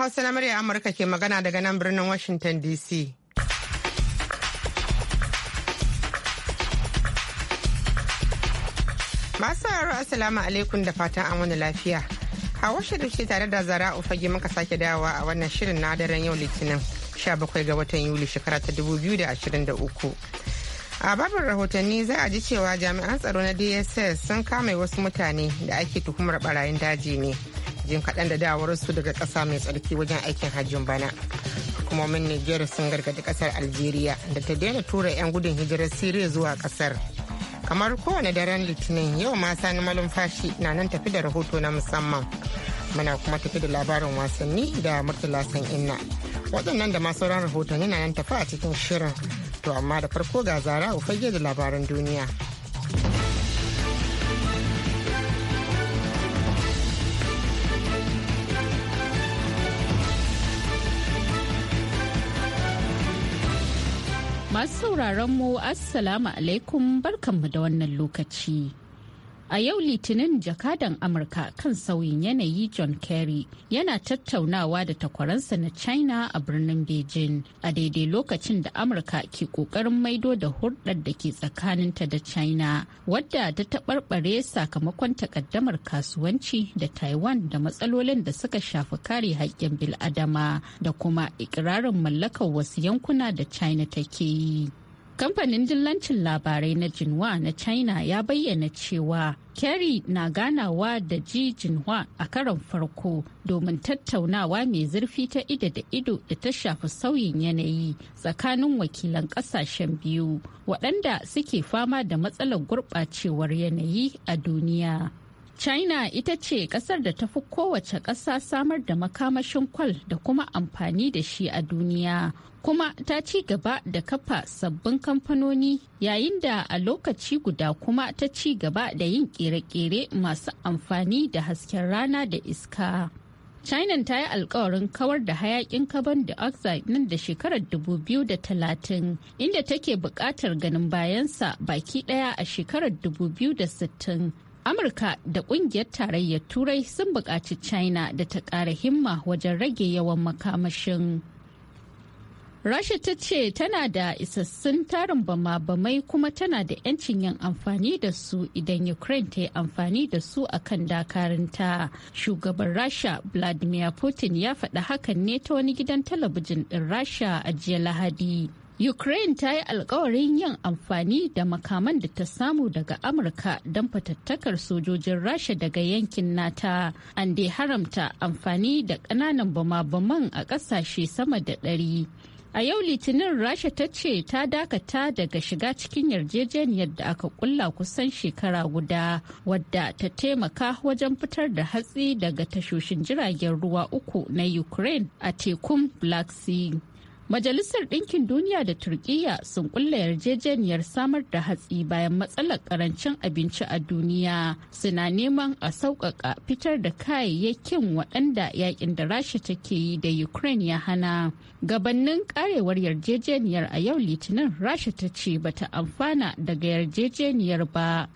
Hausa na murya Amurka ke magana daga nan birnin Washington DC. Masu sauraro Assalamu alaikum da fatan an wani lafiya. Hawa Sharif ce tare da Zara Ufage maka sake dawowa a wannan shirin na daren yau Litinin 17 ga watan Yuli shekara ta 2023. A babin rahotanni za a ji cewa jami'an tsaro na DSS sun kame wasu mutane da ake tuhumar barayin daji ne. jin kaɗan da dawarsu daga ƙasa mai tsarki wajen aikin hajjin bana hukumomin nigeria sun gargaɗi ƙasar algeria da ta daina tura 'yan gudun hijirar siriya zuwa ƙasar kamar kowane daren litinin yau ma sani malumfashi na nan tafi da rahoto na musamman muna kuma tafi da labarin wasanni da murtala san inna waɗannan da ma sauran rahotanni na nan tafi a cikin shirin to amma da farko ga zara fage da labaran duniya Masu sauraron mu Assalamu alaikum barkanmu da wannan lokaci. A yau Litinin jakadan Amurka kan sauyin yanayi John Kerry yana tattaunawa da takwaransa na China a birnin Beijing a daidai lokacin da Amurka ke ƙoƙarin maido da hurɗar da ke tsakaninta da China wadda ta taɓarɓare sakamakon takaddamar kasuwanci da Taiwan da matsalolin da suka shafi kare haƙƙin bil'adama da kuma ikirarin mallakar wasu yankuna da China take yi. Kamfanin dillancin labarai na jinwa na China ya bayyana cewa Kerry na ganawa da Ji jinwa a karon farko domin tattaunawa mai zurfi ta ido da ido da ta shafi sauyin yanayi tsakanin wakilan kasashen biyu waɗanda suke fama da matsalar gurɓacewar yanayi a duniya. China ita ce kasar da ta fi kowace ƙasa samar da makamashin kwal da kuma amfani da shi a duniya kuma ta ci gaba da kafa sabbin kamfanoni yayin da a lokaci guda kuma ta ci gaba da yin kere-kere masu amfani da hasken rana da iska. china ta yi alkawarin kawar da hayakin carbon dioxide nan da shekarar 2030 inda take buƙatar ganin bayansa baki ɗaya a shekarar 2060 amurka da ƙungiyar tarayyar turai sun buƙaci china da ta ƙara himma wajen rage yawan makamashin rasha ta ce tana da isassun tarin bama-bamai kuma tana da 'yancin yin amfani da su idan ukraine ta yi amfani da su a kan dakarunta shugaban rasha vladimir putin ya faɗa hakan ne ta wani gidan talabijin ɗin rasha a jiya lahadi Ukraine ta yi alkawarin yin amfani da makaman da ta samu daga Amurka don fatattakar sojojin Rasha daga yankin nata. An dai haramta amfani da ƙananan bama-baman a ƙasashe sama da ɗari. A yau Litinin Rasha ta ce ta dakata daga shiga cikin yarjejeniyar da aka kulla kusan shekara guda wadda ta taimaka wajen fitar da hatsi daga tashoshin jiragen ruwa uku na Ukraine a tekun Black Sea. Majalisar Ɗinkin Duniya da Turkiyya sun kulla yarjejeniyar samar da hatsi bayan matsalar karancin abinci a duniya suna neman a sauƙaƙa fitar da kayayyakin waɗanda yakin da Rasha take yi da Ukraine ya hana. Gabannin karewar yarjejeniyar a yau Litinin Rasha ta ce bata amfana daga yarjejeniyar ba.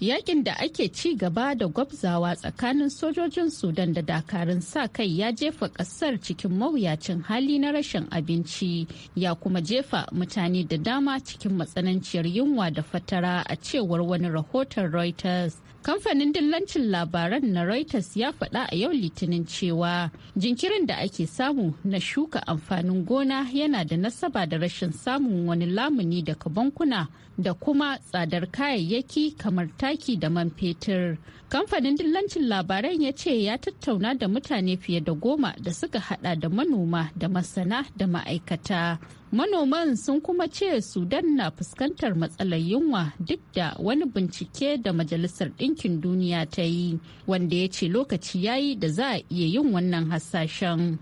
yakin da ake ci gaba da gwabzawa tsakanin sojojin sudan da dakarun sa kai ya jefa kasar cikin mawuyacin hali na rashin abinci ya kuma jefa mutane da dama cikin matsananciyar yunwa da fatara a cewar wani rahoton reuters Kamfanin dillancin labaran na Reuters ya faɗa a yau litinin cewa jinkirin da ake samu na shuka amfanin gona yana da nasaba da rashin samun wani lamuni daga bankuna da kuma tsadar kayayyaki kamar taki da man fetur. Kamfanin dillancin labaran ya ce ya tattauna da mutane fiye da goma da suka haɗa da manoma da masana da ma'aikata. Manoman sun kuma ce Sudan na fuskantar matsalar yunwa duk da wani bincike da Majalisar Ɗinkin Duniya ta yi wanda ya ce lokaci ya yi da za a iya yin wannan hasashen.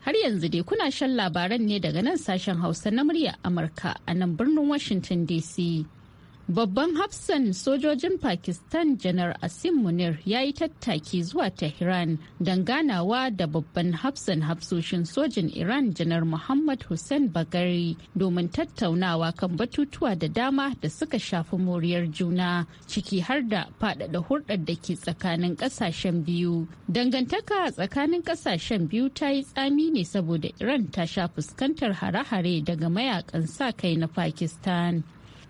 Har yanzu dai kuna shan labaran ne daga nan sashen Hausa na murya Amurka a nan birnin Washington DC. Babban hafsan sojojin Pakistan Janar Asim Munir ya yi tattaki zuwa Tehran don ganawa da babban hafsan hafsoshin sojin Iran Janar Muhammad Hussein Bagari domin tattaunawa kan batutuwa da dama da suka shafi moriyar juna ciki har da faɗaɗa hurɗar da ke tsakanin ƙasashen biyu. Dangantaka tsakanin ƙasashen biyu ta yi tsami ne saboda Iran ta sha fuskantar hare-hare daga mayakan sa kai na Pakistan.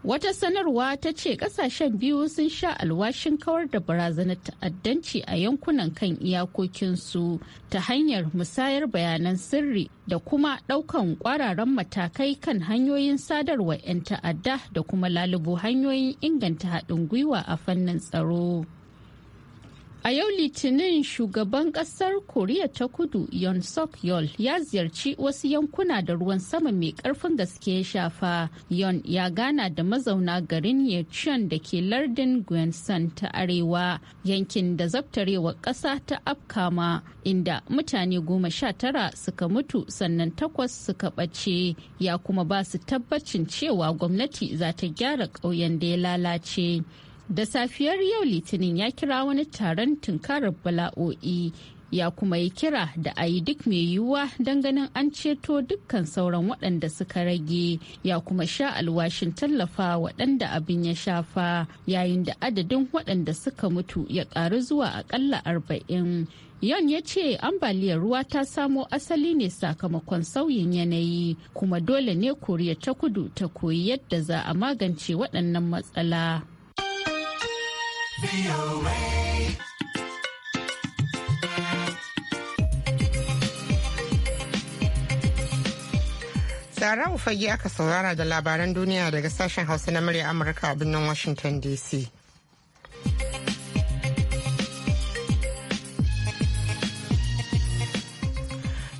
Wata sanarwa ta ce kasashen biyu sun sha alwashin kawar da barazanar ta'addanci a yankunan kan iyakokinsu ta hanyar musayar bayanan sirri da kuma ɗaukan ƙwararan matakai kan hanyoyin sadarwa 'yan ta'adda da kuma lalubo hanyoyin inganta haɗin gwiwa a fannin tsaro. A yau Litinin shugaban kasar Koriya ta kudu Yon Sok Yol ya ziyarci wasu yankuna da ruwan sama mai karfin gaske ya shafa. Yon ya gana da mazauna garin Yechon da ke lardin Gwensan ta arewa yankin da zabtarewa ƙasa ta Afkama inda mutane goma sha tara suka mutu sannan takwas suka ɓace ya kuma ba su tabbacin cewa gwamnati za ta gyara ƙauyen da ya lalace. da safiyar yau litinin ya kira wani taron tunkarar bala'o'i ya kuma yi kira da a yi duk mai yiwuwa don ganin an ceto dukkan sauran waɗanda suka rage ya kuma sha alwashin tallafa waɗanda abin ya shafa yayin da adadin waɗanda suka mutu ya ƙaru zuwa aƙalla arba'in yan ya ce ambaliyar ruwa ta samo asali ne sakamakon sauyin yanayi kuma dole ne koriya ta kudu ta koyi yadda za a magance waɗannan matsala Sarau fage aka saurara da labaran duniya daga sashen Hausa na murya Amurka a birnin Washington DC.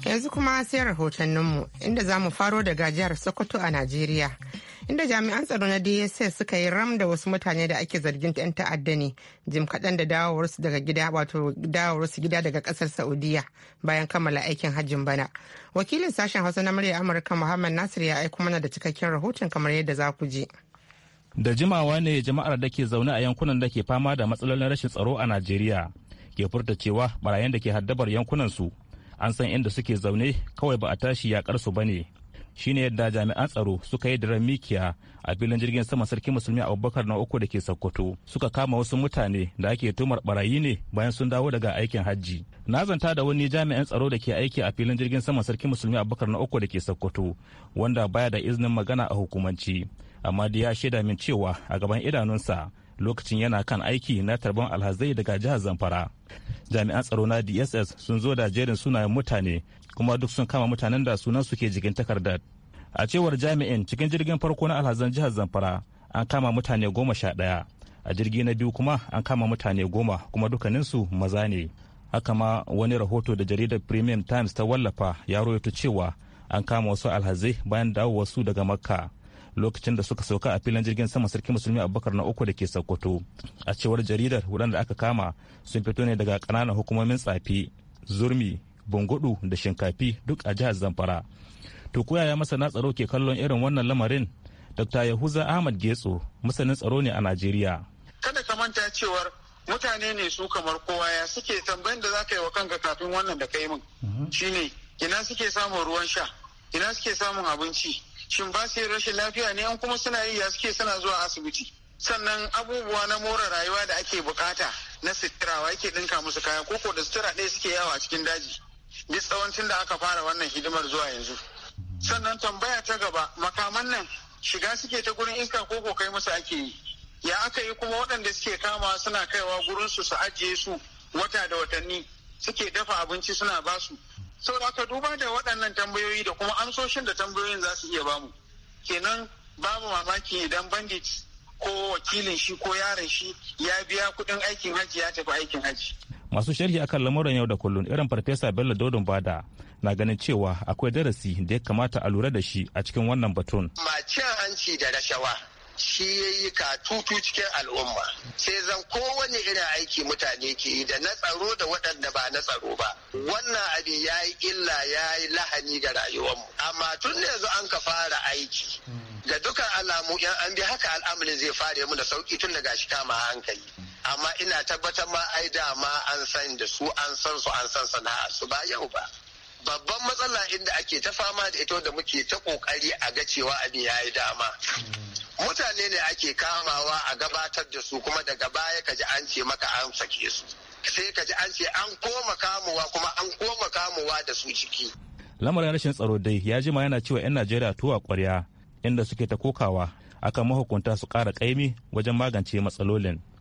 Yanzu kuma sai rahotanninmu inda za mu faro da gajiyar Sokoto a Najeriya. inda jami'an tsaro na dss suka yi ram da wasu mutane da ake zargin 'yan ta'adda ne jim kaɗan da dawowarsu daga gida wato dawowarsu gida daga ƙasar saudiya bayan kammala aikin hajjin bana wakilin sashen hausa na murya amurka muhammad nasir ya aiko mana da cikakken rahoton kamar yadda za ku ji da jimawa ne jama'ar da ke zaune a yankunan da ke fama da matsalolin rashin tsaro a najeriya ke furta cewa barayin da ke haddabar yankunan su an san inda suke zaune kawai ba a tashi yakar su ne. shine yadda jami'an tsaro suka yi daren mikiya a filin jirgin sama sarki musulmi abubakar na uku da ke sokoto suka kama wasu mutane da ake tumar barayi ne bayan sun dawo daga aikin hajji na zanta da wani jami'an tsaro da ke aiki a filin jirgin sama sarki musulmi abubakar na uku da ke sokoto wanda baya da izinin magana a hukumanci amma da ya shaida min cewa a gaban idanunsa lokacin yana kan aiki na tarban alhazai daga jihar zamfara jami'an tsaro na dss sun zo da jerin sunayen mutane kuma duk sun kama mutanen da sunan su ke jikin takardar a cewar jami'in cikin jirgin farko na alhazan jihar zamfara an kama mutane goma sha ɗaya a jirgi na biyu kuma an kama mutane goma kuma dukkaninsu maza ne haka ma wani rahoto da jaridar premium times ta wallafa ya rawaito cewa an kama wasu alhazai bayan dawowarsu daga makka lokacin da suka sauka a filin jirgin sama sarki musulmi abubakar na uku da ke sokoto a cewar jaridar waɗanda aka kama sun fito ne daga kananan hukumomin tsafi zurmi bungudu da shinkafi duk a jihar zamfara to ko yaya masana tsaro ke kallon irin wannan lamarin dr yahuza ahmad getso masanin tsaro ne a najeriya kada ka manta cewar mutane ne su kamar kowa ya suke tambayin da za ka yi wa kanka kafin wannan da ka yi min mhm. shine ina suke samun ruwan sha ina suke samun abinci shin ba su rashin lafiya ne an kuma suna yi ya suke suna zuwa asibiti sannan abubuwa na more rayuwa da ake bukata na sutura wa yake dinka musu kaya koko da sutura ɗaya suke yawa a cikin daji duk tsawancin da aka fara wannan hidimar zuwa yanzu sannan tambaya ta gaba makaman nan shiga suke ta gurin iska ko ko kai musu ake yi ya aka yi kuma waɗanda suke kama suna kaiwa gurin su su ajiye su wata da watanni suke dafa abinci suna basu sau da aka duba da waɗannan tambayoyi da kuma amsoshin da tambayoyin za su iya bamu kenan babu mamaki idan bandit ko wakilin shi ko yaron shi ya biya kuɗin aikin hajji ya tafi aikin hajji masu sharhi akan lamuran yau da kullun irin farfesa bello dodon bada na ganin cewa akwai darasi da ya kamata a lura da shi a cikin wannan batun macin hanci da rashawa shi ya yi katutu cikin al'umma sai zan kowane irin aiki mutane ke yi da na tsaro da waɗanda ba na tsaro ba wannan abin ya yi illa ya yi lahani ga rayuwarmu amma tun da yanzu an ka fara aiki hmm. da dukan alamu yan an bi haka al'amarin zai fara mu da sauki tun daga shi kama hankali amma ina tabbatar ma ai dama an san da su an san su an san sana'a su ba yau ba babban matsala inda ake ta fama da ita da muke ta kokari a ga cewa abin ya yi dama mutane ne ake kamawa a gabatar da su kuma daga baya ka ji an ce maka an sake su sai ka ji an ce an koma kamuwa kuma an koma kamuwa da su ciki lamarin rashin tsaro dai ya jima yana cewa 'yan najeriya tuwa kwarya inda suke ta kokawa akan mahukunta su kara ƙaimi wajen magance matsalolin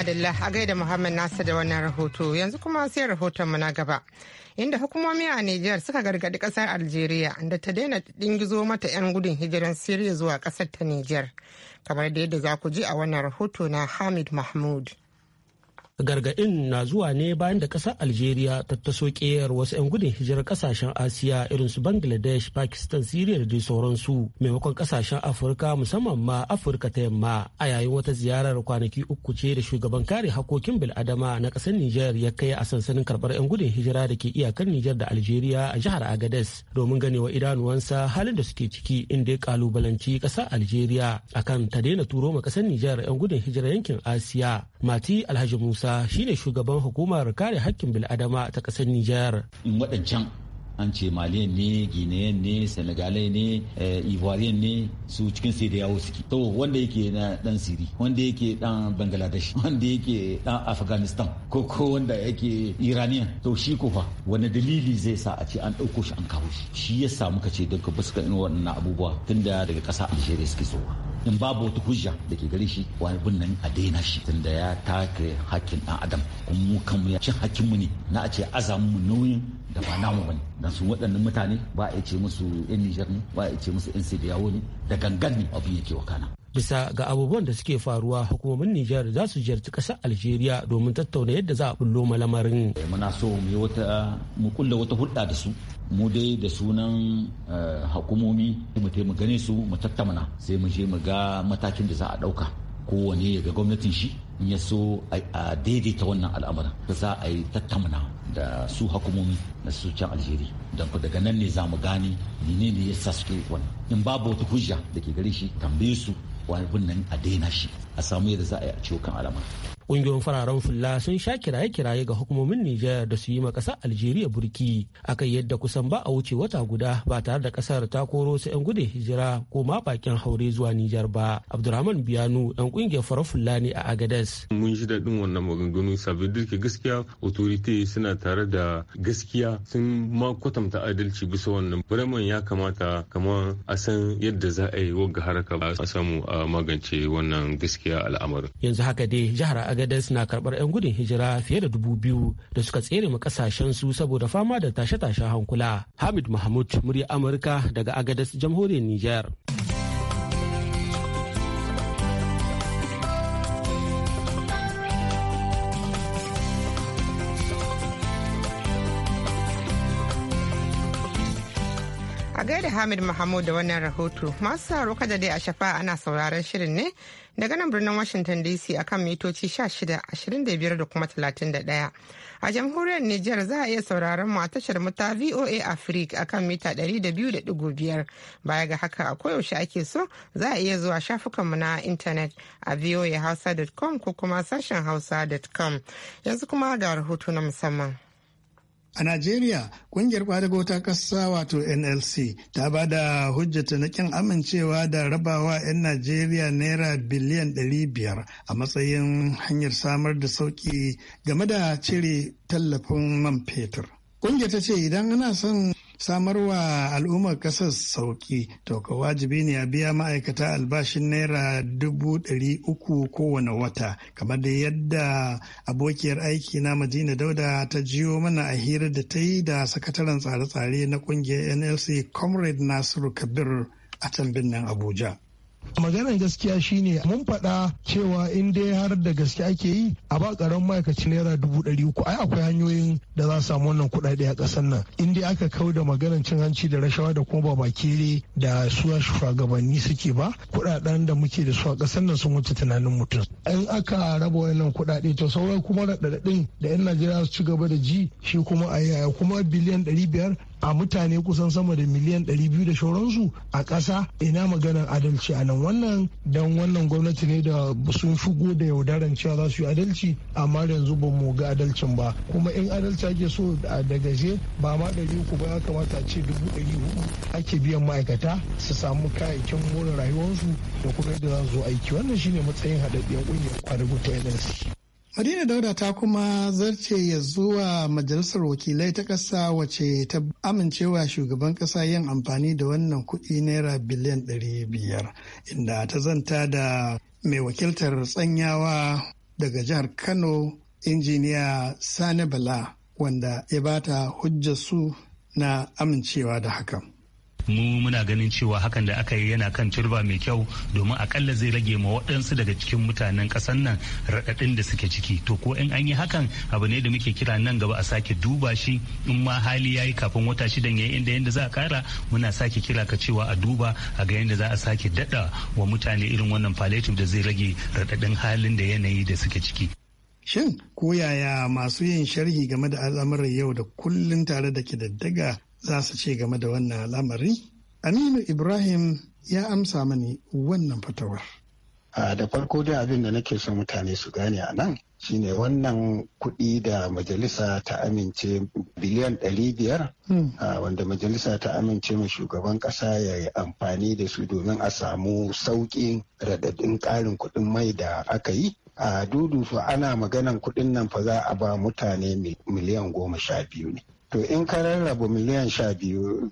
madalla a gaida Muhammad nasa da wannan rahoto yanzu kuma sai rahoton mu na gaba. Inda hukumomi a Nijar suka gargadi kasar Algeria da ta daina dingizo mata 'yan gudun hijiran Siriya zuwa kasar ta Nijar. Kamar da yadda za ku ji a wannan rahoto na Hamid Mahmud. gargaɗin na zuwa ne bayan da ƙasar algeria ta taso ƙeyar wasu 'yan gudun hijirar ƙasashen asiya irin su bangladesh pakistan syria da dai sauransu maimakon ƙasashen afirka musamman ma afirka ta yamma a yayin wata ziyarar kwanaki uku ce da shugaban kare hakokin bil'adama na ƙasar niger ya kai a sansanin karɓar 'yan gudun hijira da ke iyakar niger da algeria a jihar agades domin ganewa idanuwansa halin da suke ciki inda ya kalubalanci ƙasar algeria akan ta daina turo ma ƙasar niger 'yan gudun hijirar yankin asiya mati alhaji musa Musa shine shugaban hukumar kare hakkin bil'adama ta kasar Nijar. In Waɗancan an ce maliyan ne guinean ne senegalai ne eh, ivoirian ne su cikin sai da yawo suke to wanda yake na ɗan siri wanda yake ɗan bangladesh wanda yake ɗan afghanistan ko ko wanda yake iranian to shi ko fa wani dalili zai sa a ce an ɗauko shi an kawo shi shi ya yasa muka ce duka ka ka irin wannan abubuwa tun da daga ƙasa algeria suke zuwa. in babu wata hujja da ke gare shi wani bin nan a daina shi tunda ya take hakkin dan adam kuma mu kanmu ya cin hakkin mu ne na a ce azamu nauyin da ba namu bane dan su waɗannan mutane ba a ce musu yan Niger ne ba a ce musu yan Sidiyawo ne da gangan ne abin yake wakana bisa ga abubuwan da suke faruwa hukumomin Nijar za su ziyarci ƙasar Algeria domin tattauna yadda za a bullo malamarin. Muna so mu wata mu kulla wata hulɗa da su mu dai da sunan eh, hukumomi mu tai mu gane su mu tattauna sai mu je mu ga matakin da za a ɗauka kowane ya ga gwamnatin shi in ya so a daidaita wannan al'amarin za a yi tattauna da su hukumomi na su can Algeria don ku daga nan ne za mu gane menene ya suke wannan in babu wata hujja da ke gare shi tambaye su wani nan a daina shi a samu yadda za a yi a ciwo kan alama kungiyoyin fararen fulla sun sha kiraye-kiraye ga hukumomin Nijar da su yi ma ƙasar Algeria burki akan yadda kusan ba a wuce wata guda ba tare da ƙasar ta koro su 'yan gudun hijira ko ma bakin haure zuwa Nijar ba. Abdurrahman Biyanu ɗan ƙungiyar farar fulla ne a Agadez. Mun ji daɗin wannan maganganu saboda gaskiya authority suna tare da gaskiya sun ma kwatanta adalci bisa wannan. Bremen ya kamata kamar a san yadda za a yi wagga haraka a samu a magance wannan gaskiya al'amarin. Yanzu haka dai jihar agadez na karbar 'yan gudun hijira fiye da dubu biyu da suka tsere ma kasashen su saboda fama da tashe-tashen hankula hamid mahmud murya amurka daga agadez jamhuriyar Nijar. da Hamid Mahmud da wannan rahoto. Masu saro kada dai a shafa ana sauraron shirin ne daga nan birnin Washington DC akan mitoci 16, da kuma 31. A jamhuriyar Nijar za a iya sauraron mu a tashar muta VOA Africa akan mita 200.5. Baya ga haka a koyaushe ake so za a iya zuwa shafukanmu na intanet a voahausa.com ko kuma sashen hausa.com. Yanzu kuma ga rahoto na musamman. A Najeriya, kungiyar kwadago ta ƙasa wato NLC ta ba da hujjata na kin amincewa da rabawa 'yan Najeriya naira biliyan 500 a matsayin hanyar samar da sauƙi game da cire tallafin man fetur. Kungiyar ta ce idan ana son samarwa al'ummar kasar sauki to ka wajibi ne a biya ma'aikata albashin naira dubu ɗari uku kowane wata kamar da yadda abokiyar aiki na madina dauda ta jiyo mana a hira da ta yi da sakataren tsare-tsare na kungiyar nlc comrade nasiru kabir a can birnin abuja maganar gaskiya shine mun faɗa cewa in dai har da gaske ake yi a ba karan ma'aikaci naira dubu ɗari uku ai akwai hanyoyin da za samu wannan kuɗaɗe a ƙasar nan in dai aka kau da maganar cin hanci da rashawa da kuma ba kere da su shugabanni suke ba kuɗaɗen da muke da su a ƙasar nan sun wuce tunanin mutum in aka raba wannan kuɗaɗe to sauran kuma raɗaɗin da 'yan najeriya su ci gaba da ji shi kuma a yaya kuma biliyan ɗari biyar a mutane kusan sama da miliyan 200 da shauransu a ƙasa ina maganar adalci a nan wannan don wannan gwamnati ne da sun shigo da yaudaran cewa za su yi adalci amma yanzu ba mu ga adalcin ba kuma in adalci ake so da gaje ba ma ɗari uku ba ya kamata a ce dubu ɗari hudu ake biyan ma'aikata su samu kayayyakin more rayuwarsu da kuma yadda za su zo aiki wannan shine matsayin haɗaɗɗiyar ƙungiyar kwadago ta nlc Madina Dauda ta kuma zarce ya zuwa Majalisar Wakilai ta ƙasa wace ta amincewa shugaban ƙasa yin amfani da wannan kuɗi naira biliyan ɗari biyar inda ta zanta da mai wakiltar tsanyawa daga jihar Kano injiniya Sani Bala wanda ya bata hujjar su na amincewa da hakan. mu muna ganin cewa hakan da aka yi yana kan turba mai kyau domin akalla zai rage ma waɗansu daga cikin mutanen ƙasar nan raɗaɗin da suke ciki to ko in an yi hakan abu ne da muke kira nan gaba a sake duba shi in ma hali ya yi kafin wata shidan ya inda yadda za a kara muna sake kira ka cewa a duba a ga yadda za a sake daɗa wa mutane irin wannan palliative da zai rage raɗaɗin halin da yanayi da suke ciki. Shin koyaya masu yin sharhi game da al'amuran yau da kullun tare da ke daga. za su ce game da wannan al'amari? Aminu Ibrahim ya amsa mani wannan fatawar. Da farko da abin da nake so mutane su gane a nan shine wannan kuɗi da majalisa ta amince biliyan ɗari biyar hmm. wanda majalisa ta amince ma shugaban ƙasa ya yi amfani da su domin a samu sauƙin raɗaɗin ƙarin kuɗin mai da aka yi a dudu ana maganan kuɗin nan fa za a ba mutane miliyan goma sha biyu ne to in ka rarraba miliyan sha biyu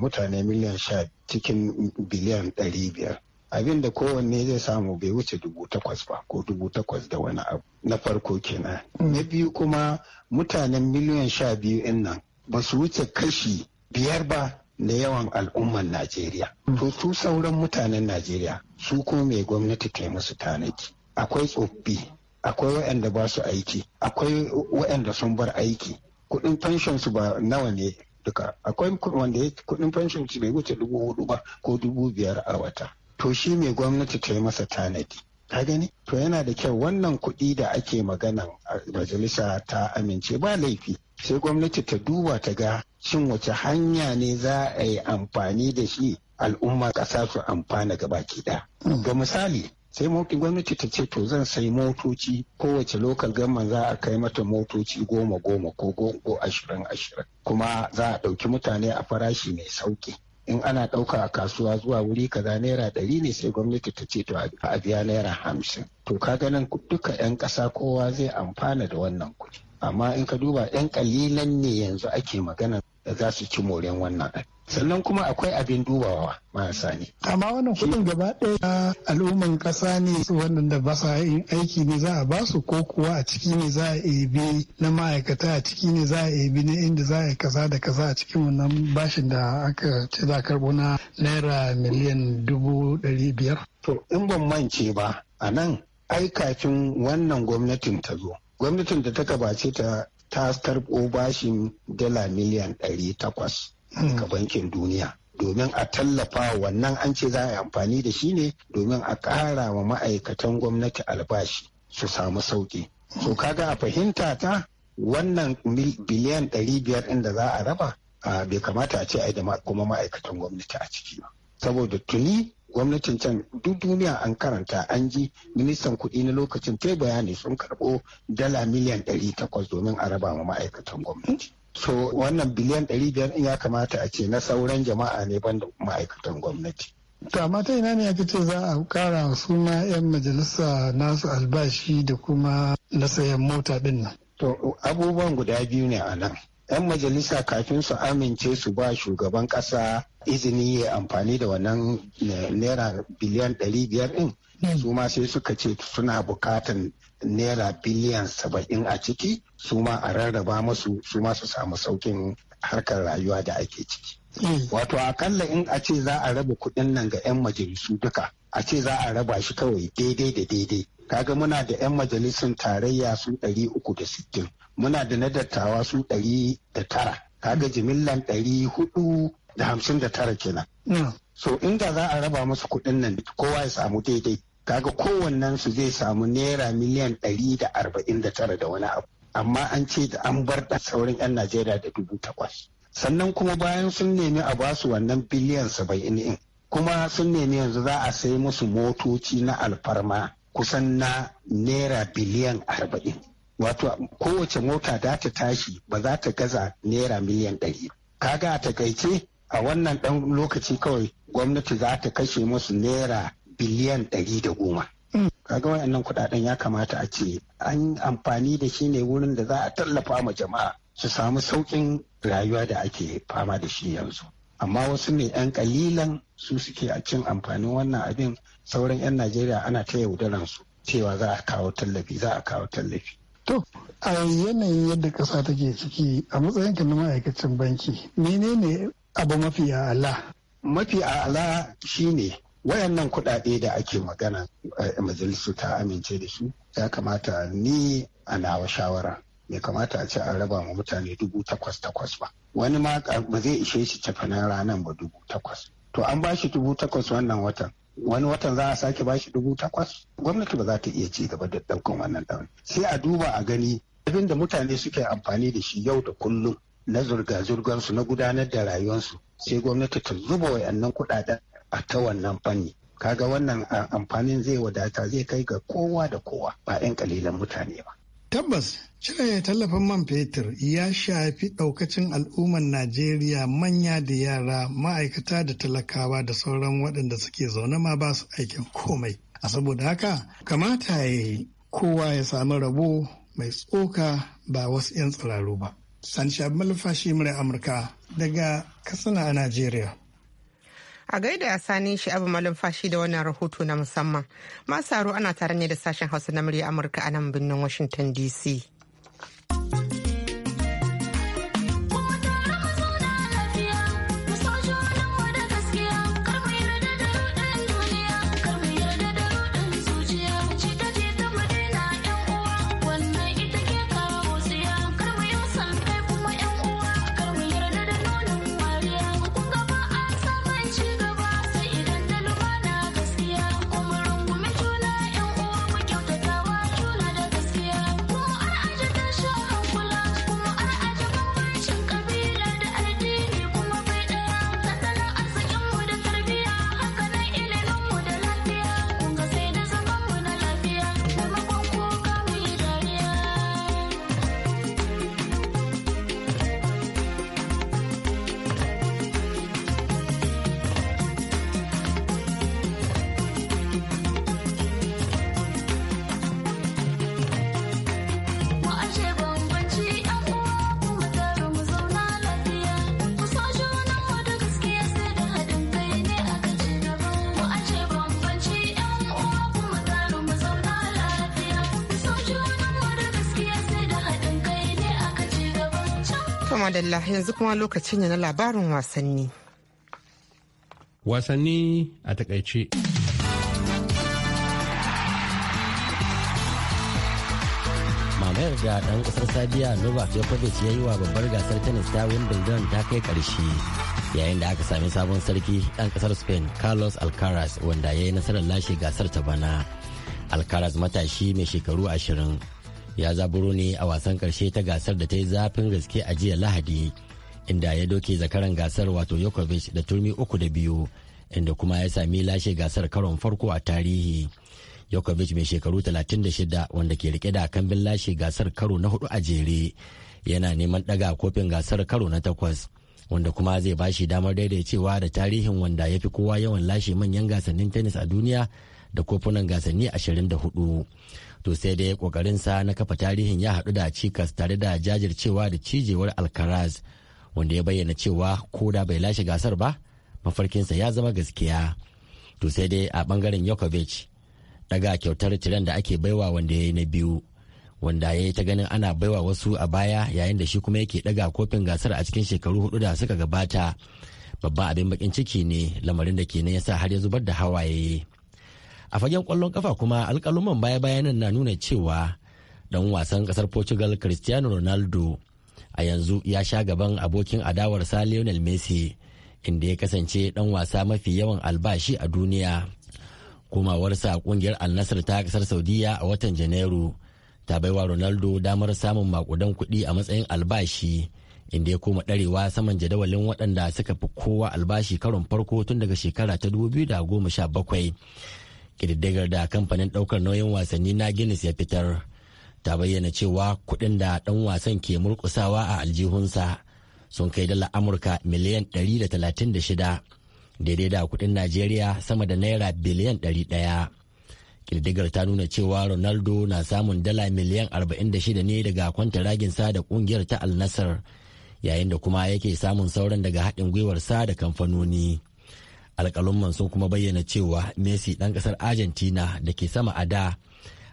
mutane miliyan sha cikin biliyan ɗari biyar abin da kowanne zai samu bai wuce dubu takwas ba ko dubu takwas da wani abu na farko kenan na biyu kuma mutanen miliyan sha biyu in nan ba su wuce kashi biyar ba na yawan al'umman najeriya to su sauran mutanen najeriya su ko mai gwamnati ta musu tanaki akwai tsoffi akwai waɗanda ba su aiki akwai waɗanda sun bar aiki kuɗin pension su ba nawa ne duka akwai wanda kuɗin pension su bai wuce dubu hudu ba ko dubu biyar a wata to shi mai gwamnati ta yi masa tanadi ka gani to yana da kyau wannan kuɗi da ake magana majalisa ta amince ba laifi sai gwamnati ta duba ta ga shin wace hanya ne za a yi amfani da shi al'umma ƙasa su amfana gaba ɗaya. Hmm. ga misali sai gwamnati ta ce to zan sai motoci kowace lokal gama za a kai mata motoci goma goma ko goma ashirin ashirin kuma za a ɗauki mutane a farashi mai sauki in ana ɗauka a kasuwa zuwa wuri kaza naira ɗari ne sai gwamnati ta ce to a biya naira hamsin to ka ganin duka 'yan ƙasa kowa zai amfana da wannan kuɗi amma in ka duba 'yan ƙalilan ne yanzu ake magana da za su ci moren wannan sannan kuma akwai abin dubawa marasa ne. Amma wannan kudin gaba ɗaya al'umman ƙasa ne wannan da ba sa yin aiki ne za a ba su ko kuwa a ciki ne za a ebi na ma'aikata a ciki ne za a ebi na inda za a kaza da kaza a cikin wannan bashin da aka ce za karɓo na naira miliyan dubu ɗari biyar. To in ban mance ba a nan ai wannan gwamnatin ta zo. Gwamnatin da ta gabace ta ta karɓo bashin dala miliyan ɗari takwas. ga bankin duniya domin a tallafa wannan an ce za a yi amfani da shi ne domin a ƙara wa ma'aikatan gwamnati albashi su samu sauƙi. So kaga a fahimta ta wannan biliyan ɗari biyar ɗin da za a raba bai kamata a ce a yi da kuma ma'aikatan gwamnati a ciki ba. Saboda tuni gwamnatin can duk duniya an karanta an ji ministan kuɗi na lokacin ta bayani sun karɓo dala miliyan ɗari takwas domin a raba ma ma'aikatan gwamnati. so wannan biliyan 500 ya kamata a ce na sauran jama'a ne banda ma'aikatan gwamnati to amma ina ne ake ce za a kara suna 'yan majalisa nasu albashi da kuma na sayan mota din nan to abubuwan guda biyu ne a nan 'yan majalisa kafin su amince su ba shugaban kasa izini ya amfani da wannan naira biliyan 500 din hmm. su sai suka ce suna bukatan naira biliyan saba'in a ciki su ma a rarraba masu su ma su samu saukin harkar rayuwa da ake ciki. Mm. Wato akalla in a ce za a raba kuɗin nan ga 'yan majalisu duka a ce za a raba shi kawai daidai da daidai. Kaga muna da 'yan majalisun tarayya su ɗari uku da sittin, muna da na dattawa su ɗari da tara, kaga jimillan ɗari hudu da hamsin da tara kenan. Mm. So inda za a raba masu kuɗin nan kowa ya samu daidai kaga kowannen su zai samu naira miliyan ɗari da arba'in da tara da wani abu amma an ce da an bar da saurin 'yan najeriya da dubu takwas sannan kuma bayan sun nemi a basu wannan biliyan saba'in in kuma sun nemi yanzu za a sai musu motoci na alfarma kusan na naira biliyan arba'in wato kowace mota da ta tashi ba za ta gaza naira miliyan ɗari kaga a takaice a wannan ɗan lokaci kawai gwamnati za ta kashe musu naira biliyan ɗari da goma. Mm. kaga wayannan kudaden ya kamata a ce an amfani da shi ne wurin da za a tallafa ma jama'a su samu sauƙin rayuwa da ake fama da shi yanzu amma wasu ne 'yan kalilan su suke a cin amfanin wannan abin sauran 'yan najeriya ana ta yaudaran su cewa za a kawo tallafi za a kawo tallafi to a yanayin yadda ƙasa take ciki a matsayin na ma'aikacin banki menene abu mafi a'ala mafi a'ala shine wayannan kuɗaɗe da ake magana eh, majalisu ta amince da su ya kamata ni a nawa shawara ya kamata a ce an raba ma mutane dubu takwas takwas ba wani ma ba zai ishe shi tafanin ranar ba dubu takwas to an bashi shi dubu takwas wannan watan wani watan za a sake bashi shi dubu takwas gwamnati ba za ta iya ci gaba da ɗaukan wannan ɗaurin sai a duba a gani abin da mutane suke amfani da shi yau da kullum na zurga-zurgansu na gudanar da rayuwarsu sai gwamnati ta zuba wayannan kuɗaɗen a ta wannan fanni kaga wannan amfanin zai wadata zai kai ga kowa da kowa ba 'yan kalilan mutane ba tabbas cire tallafin man fetur ya shafi ɗaukacin al'umman najeriya manya da yara ma'aikata da talakawa da sauran waɗanda suke zaune ma ba su aikin komai a saboda haka kamata ya yi kowa ya sami rabo mai tsoka ba wasu 'yan tsiraru ba. Sanshi Abmalfashi murai Amurka daga Katsina a Najeriya. a gaida sani shi abu malumfashi da wannan rahoto na musamman masu ana tare ne da sashen hausa na murya amurka a nan birnin washington dc madalla yanzu kuma lokacin na labarin wasanni. Wasanni a takaice. mamayar da ɗan ƙasar sabiya nova djokovic ya yi wa babbar gasar tennis ta wimbledon ta kai ƙarshe yayin da aka sami sabon sarki ɗan ƙasar spain carlos alcaraz wanda ya yi nasarar lashe gasar ta bana alcaraz matashi mai shekaru ashirin ya zaburo ne a wasan karshe ta gasar da ta yi zafin gaske a jiya lahadi inda ya doke zakaran gasar wato yokovic da turmi uku da biyu inda kuma ya sami lashe gasar karon farko a tarihi yokovic mai shekaru 36 wanda ke rike da kambin lashe gasar karo na hudu a jere yana neman daga kofin gasar karo na takwas wanda kuma zai ba shi damar daidaicewa da tarihin wanda ya fi kowa yawan lashe manyan gasannin tennis a duniya da kofunan gasanni 24 to sai dai kokarinsa na kafa tarihin ya haɗu da cikas tare da jajircewa da cijewar alcaraz wanda ya bayyana cewa ko da bai lashe gasar ba mafarkinsa ya zama gaskiya to sai dai a bangaren yokovic daga kyautar tiran da ake baiwa wanda ya yi na biyu wanda ya yi ta ganin ana baiwa wasu a baya yayin da shi kuma yake daga kofin gasar a cikin shekaru hudu da suka gabata babban abin bakin ciki ne lamarin da kenan ya sa har ya zubar da hawaye a fagen kwallon kafa kuma alkaluman baya-bayanan na nuna cewa dan wasan kasar portugal cristiano ronaldo a yanzu ya sha gaban abokin adawarsa lionel messi inda ya kasance dan wasa mafi yawan albashi a duniya komawarsa kungiyar alnasar ta kasar saudiya a watan janairu ta baiwa ronaldo damar samun makudan kuɗi a matsayin albashi inda ya koma ɗarewa saman jadawalin waɗanda suka fi kowa albashi karon farko tun daga shekara ta 2017 kididdigar da kamfanin ɗaukar nauyin wasanni na guinness ya fitar ta bayyana cewa kuɗin da ɗan wasan ke murkusawa a aljihunsa sun kai dala amurka miliyan 136 daidai da kuɗin najeriya sama da naira biliyan 100 kididdigar ta nuna cewa ronaldo na samun dala miliyan 46 ne daga kwantaraginsa da kungiyar ta alnasar yayin da kuma yake samun sauran daga haɗin gwiwarsa da kamfanoni alkalumman sun kuma bayyana cewa messi dan ƙasar argentina da ke sama a da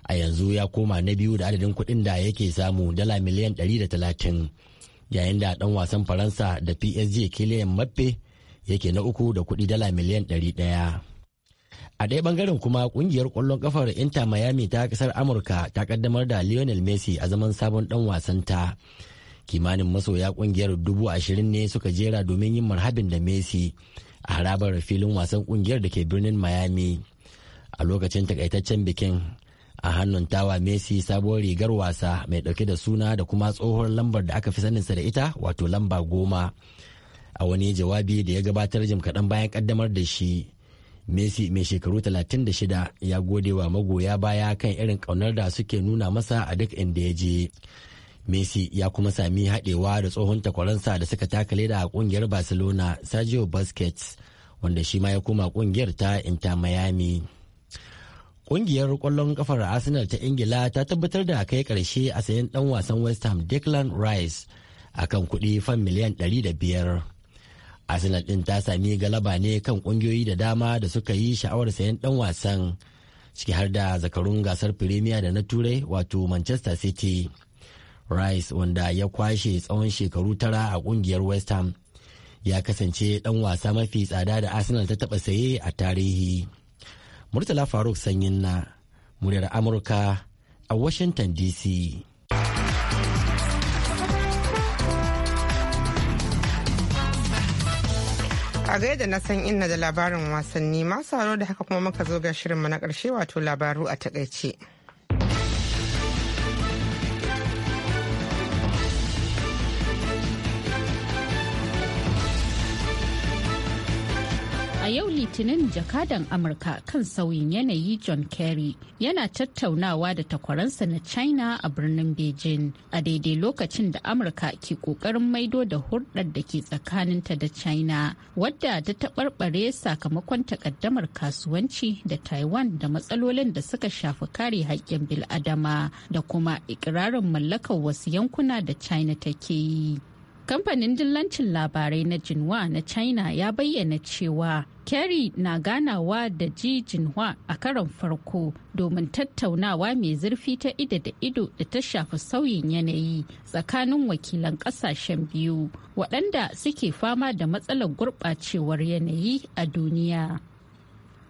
a yanzu ya koma na biyu da adadin kuɗin da yake samu dala miliyan 130 yayin da ɗan wasan faransa da psg kiliyan mappe yake na uku da kuɗi dala miliyan 100 a ɗaya ɓangaren kuma ƙungiyar ƙwallon ƙafar inter miami ta ƙasar amurka ta ƙaddamar da lionel messi a zaman sabon ɗan wasanta kimanin masoya ƙungiyar dubu ashirin ne suka jera domin yin marhabin da messi a harabar filin wasan kungiyar da ke birnin miami a lokacin takaitaccen bikin a hannun tawa messi sabuwar rigar wasa mai dauke da suna da kuma tsohon lambar da aka fi saninsa da ita wato lamba goma a wani jawabi da ya gabatar jim kaɗan bayan kaddamar da shi messi mai shekaru 36 ya gode wa magoya baya kan irin ƙaunar da suke nuna masa a duk inda ya je Messi ya kuma sami haɗewa da tsohon takwaransa da suka taka leda a ƙungiyar Barcelona Sergio Busquets wanda shi ma ya koma ƙungiyar ta Inter Miami. ƙungiyar ƙwallon ƙafar Arsenal ta Ingila ta tabbatar da kai ƙarshe a sayan ɗan wasan West Ham Declan Rice akan kuɗi fan miliyan 500. arsenal ɗin ta sami galaba ne kan ƙungiyoyi da dama da suka yi sha'awar sayan ɗan wasan ciki har da zakarun gasar Premier da na turai wato manchester city rice wanda ya kwashe tsawon shekaru tara a kungiyar west ham ya kasance dan wasa mafi tsada da arsenal ta taba saye a tarihi murtala faruk sanyin na muryar amurka a washington dc a gaida na san inna da labarin wasanni masu haro da haka kuma muka zo ga shirinmu na karshe wato labaru a takaice. A yau Litinin jakadan Amurka kan sauyin yanayi John Kerry yana tattaunawa da takwaransa na China a birnin Beijing a daidai lokacin da Amurka ke kokarin maido da hurɗar da ke tsakaninta da China wadda ta taɓarɓare sakamakon takaddamar kasuwanci da Taiwan da matsalolin da suka shafi kare haƙƙin bil'adama da kuma ikirarin mallakar wasu yankuna da China take yi. Kamfanin dillancin labarai na jinwa na China ya bayyana cewa Kerry na ganawa da Ji jinwa a karon farko domin tattaunawa mai zurfi ta ido da ido da ta shafi sauyin yanayi tsakanin wakilan kasashen biyu waɗanda suke fama da matsalar gurɓacewar yanayi a duniya.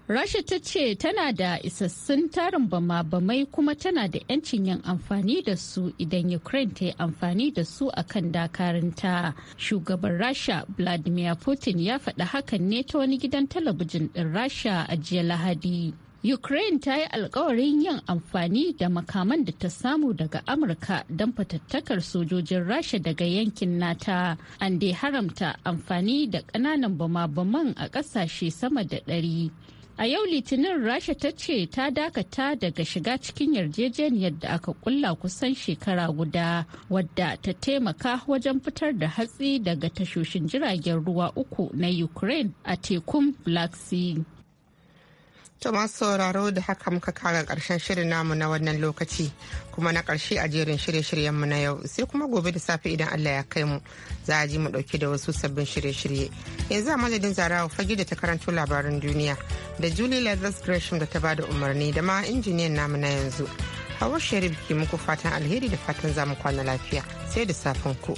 Rasha ta ce tana da isassun tarin bama-bamai kuma tana da 'yancin yin amfani da su idan Ukraine ta yi amfani da su a kan dakarunta. Shugaban Rasha Vladimir Putin ya faɗi hakan ne ta wani gidan talabijin ɗin Rasha a jiya Lahadi. Ukraine ta yi alkawarin yin amfani da makaman da ta samu daga Amurka don fatattakar sojojin Rasha daga yankin nata. An dai haramta amfani da ƙananan bama-baman a ƙasashe sama da ɗari. A yau Litinin Rasha ta ce ta dakata daga shiga cikin yarjejeniyar da aka kulla kusan shekara guda wadda ta taimaka wajen fitar da hatsi daga tashoshin jiragen ruwa uku na Ukraine a tekun Black Sea. To masu sauraro da haka muka kara karshen shirin namu na wannan lokaci kuma na karshe a jerin shirye-shiryenmu na yau sai kuma gobe da safe idan Allah ya kai mu za a ji mu dauke da wasu sabbin shirye-shirye. Yanzu a madadin zarawa fage da ta karanto labarin duniya da Julie Lazarus Gresham da ta bada umarni da ma injiniyan namu na yanzu. Hawa Sharif ke muku fatan alheri da fatan zamu kwana lafiya sai da safen ku.